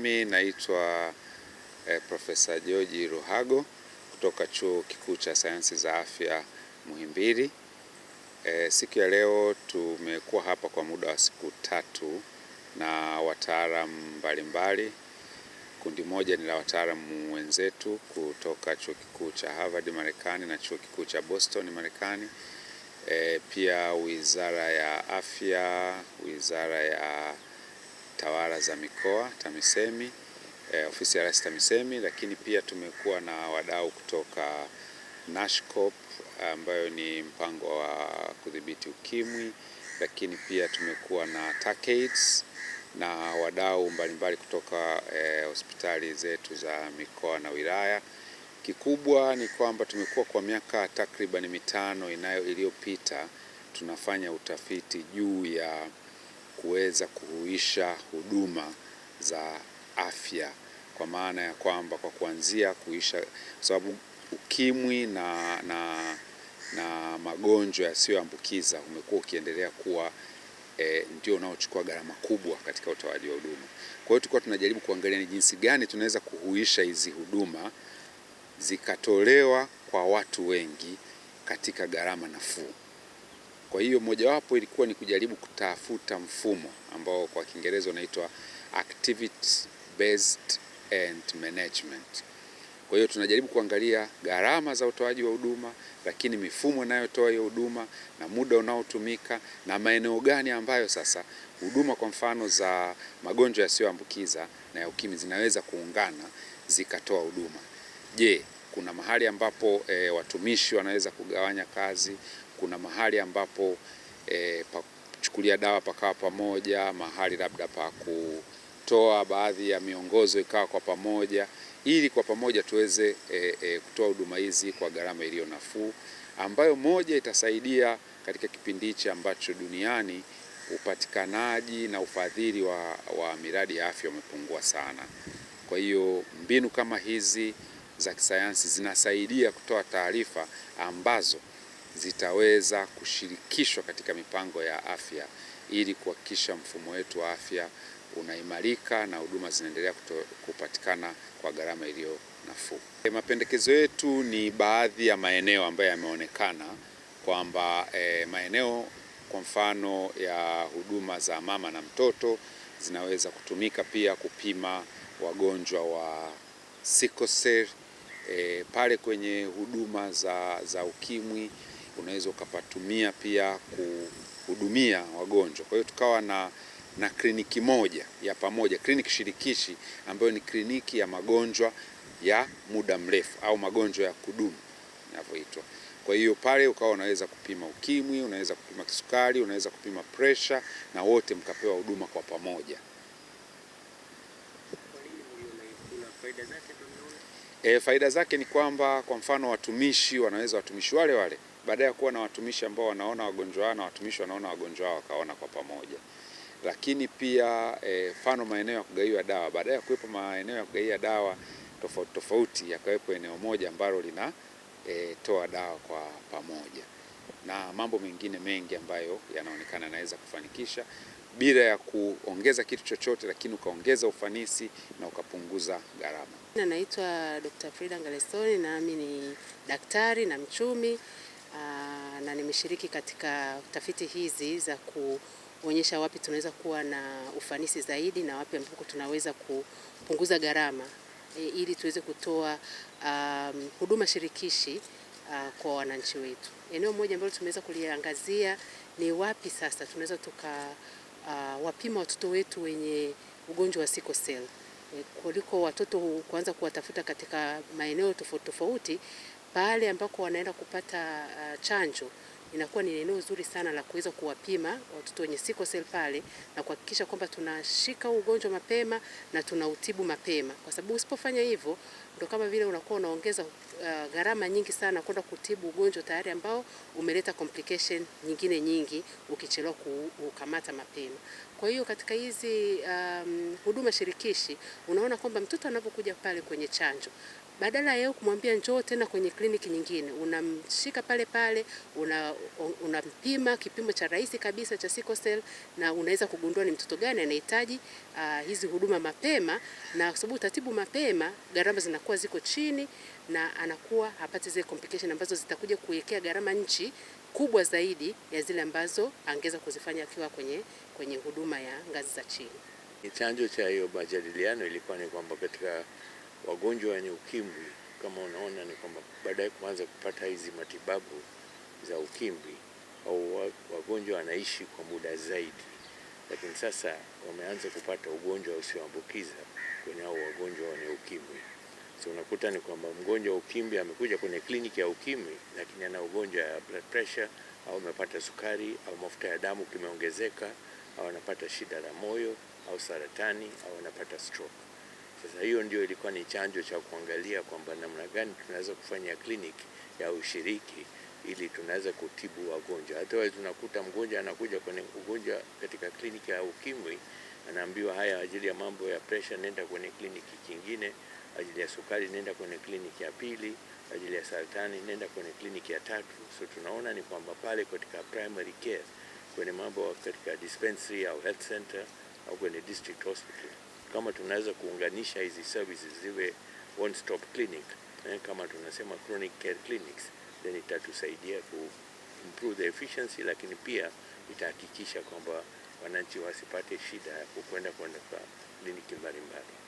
Mimi naitwa eh, Profesa George Ruhago kutoka Chuo Kikuu cha Sayansi za Afya Muhimbili. Eh, siku ya leo tumekuwa hapa kwa muda wa siku tatu na wataalamu mbalimbali. Kundi moja ni la wataalamu wenzetu kutoka Chuo Kikuu cha Harvard Marekani na Chuo Kikuu cha Boston Marekani. Eh, pia Wizara ya Afya, Wizara ya tawala za mikoa TAMISEMI, e, ofisi ya Rais TAMISEMI, lakini pia tumekuwa na wadau kutoka NASHCOP ambayo ni mpango wa kudhibiti ukimwi, lakini pia tumekuwa na TACAIDS na wadau mbalimbali kutoka e, hospitali zetu za mikoa na wilaya. Kikubwa ni kwamba tumekuwa kwa miaka takriban mitano inayo iliyopita tunafanya utafiti juu ya kuweza kuhuisha huduma za afya, kwa maana ya kwamba kwa kuanzia kuisha, kwa sababu ukimwi na, na, na magonjwa yasiyoambukiza umekuwa ukiendelea kuwa E, ndio unaochukua gharama kubwa katika utoaji wa huduma. Kwa hiyo tulikuwa tunajaribu kuangalia ni jinsi gani tunaweza kuhuisha hizi huduma zikatolewa kwa watu wengi katika gharama nafuu. Kwa hiyo mojawapo ilikuwa ni kujaribu kutafuta mfumo ambao kwa Kiingereza unaitwa activity based and management. Kwa hiyo tunajaribu kuangalia gharama za utoaji wa huduma, lakini mifumo inayotoa hiyo huduma na muda unaotumika na maeneo gani ambayo sasa huduma kwa mfano za magonjwa yasiyoambukiza na ya UKIMWI zinaweza kuungana zikatoa huduma. Je, kuna mahali ambapo e, watumishi wanaweza kugawanya kazi, kuna mahali ambapo e, pa kuchukulia dawa pakawa pamoja, mahali labda pa kutoa baadhi ya miongozo ikawa kwa pamoja, ili kwa pamoja tuweze e, e, kutoa huduma hizi kwa gharama iliyo nafuu, ambayo moja itasaidia katika kipindi hichi ambacho duniani upatikanaji na ufadhili wa, wa miradi ya afya umepungua sana. Kwa hiyo mbinu kama hizi za kisayansi zinasaidia kutoa taarifa ambazo zitaweza kushirikishwa katika mipango ya afya ili kuhakikisha mfumo wetu wa afya unaimarika na huduma zinaendelea kupatikana kwa gharama iliyo nafuu. E, mapendekezo yetu ni baadhi ya maeneo ambayo yameonekana kwamba e, maeneo kwa mfano ya huduma za mama na mtoto zinaweza kutumika pia kupima wagonjwa wa sickle cell e, pale kwenye huduma za, za ukimwi unaweza ukapatumia pia kuhudumia wagonjwa. Kwa hiyo tukawa na na kliniki moja ya pamoja, kliniki shirikishi ambayo ni kliniki ya magonjwa ya muda mrefu au magonjwa ya kudumu inavyoitwa. Kwa hiyo pale ukawa unaweza kupima ukimwi, unaweza kupima kisukari, unaweza kupima pressure na wote mkapewa huduma kwa pamoja. E, faida zake ni kwamba kwa mfano watumishi wanaweza watumishi wale wale baada ya kuwa na watumishi ambao wanaona wagonjwa na watumishi wanaona wagonjwa wakaona kwa pamoja. Lakini pia eh, mfano fano maeneo ya kugaiwa dawa, baada ya kuwepo maeneo ya kugaiwa dawa tofauti tofauti, yakawepo eneo moja ambalo lina e, toa dawa kwa pamoja na mambo mengine mengi ambayo yanaonekana yanaweza kufanikisha bila ya kuongeza kitu chochote, lakini ukaongeza ufanisi na ukapunguza gharama. Naitwa Dr. Frida Ngalestoni nami ni daktari na mchumi. Ah, na nimeshiriki katika tafiti hizi za kuonyesha wapi tunaweza kuwa na ufanisi zaidi na wapi ambapo tunaweza kupunguza gharama e, ili tuweze kutoa um, huduma shirikishi uh, kwa wananchi wetu. Eneo moja ambalo tumeweza kuliangazia ni wapi sasa tunaweza tuka uh, wapima watoto wetu wenye ugonjwa wa sickle cell e, kuliko watoto kuanza kuwatafuta katika maeneo tofauti tofauti pale ambako wanaenda kupata uh, chanjo inakuwa ni eneo zuri sana la kuweza kuwapima watoto wenye siko sel pale na kuhakikisha kwamba tunashika ugonjwa mapema na tunautibu mapema, kwa sababu usipofanya hivyo ndo kama vile unakuwa unaongeza uh, gharama nyingi sana kwenda kutibu ugonjwa tayari ambao umeleta complication nyingine nyingi ukichelewa kukamata mapema. Kwa hiyo katika hizi um, huduma shirikishi unaona kwamba mtoto anapokuja pale kwenye chanjo badala ya yeye kumwambia njoo tena kwenye kliniki nyingine, unamshika pale pale, unampima una kipimo cha rahisi kabisa cha sickle cell, na unaweza kugundua ni mtoto gani anahitaji uh, hizi huduma mapema, na kwa sababu utatibu mapema, gharama zinakuwa ziko chini na anakuwa hapati zile complication ambazo zitakuja kuwekea gharama nchi kubwa zaidi ya zile ambazo angeweza kuzifanya akiwa kwenye, kwenye huduma ya ngazi za chini. Chanjo cha hiyo majadiliano ilikuwa ni kwamba katika wagonjwa wenye ukimwi kama unaona ni kwamba baadaye kuanza kupata hizi matibabu za ukimwi au wagonjwa wanaishi kwa muda zaidi, lakini sasa wameanza kupata ugonjwa usioambukiza kwenye hao wagonjwa wenye ukimwi. So unakuta ni kwamba mgonjwa wa ukimwi amekuja kwenye kliniki ya ukimwi, lakini ana ugonjwa ya blood pressure au amepata sukari au mafuta ya damu kimeongezeka au anapata shida la moyo au saratani au anapata stroke. Sasa hiyo ndio ilikuwa ni chanjo cha kuangalia kwamba namna gani tunaweza kufanya kliniki ya ushiriki ili tunaweza kutibu wagonjwa. Hata tunakuta mgonjwa anakuja kwenye ugonjwa katika kliniki ya ukimwi, anaambiwa haya, ajili ya mambo ya pressure nenda kwenye kliniki kingine, ajili ya sukari nenda kwenye kliniki ya pili, ajili ya saratani nenda kwenye kliniki ya tatu. So tunaona ni kwamba pale katika primary care, kwenye mambo katika dispensary au health center au kwenye district hospital kama tunaweza kuunganisha hizi services ziwe one stop clinic eh, kama tunasema chronic care clinics, then itatusaidia ku improve the efficiency, lakini pia itahakikisha kwamba wananchi wasipate shida ya kukwenda kwenda kwa kliniki mbalimbali.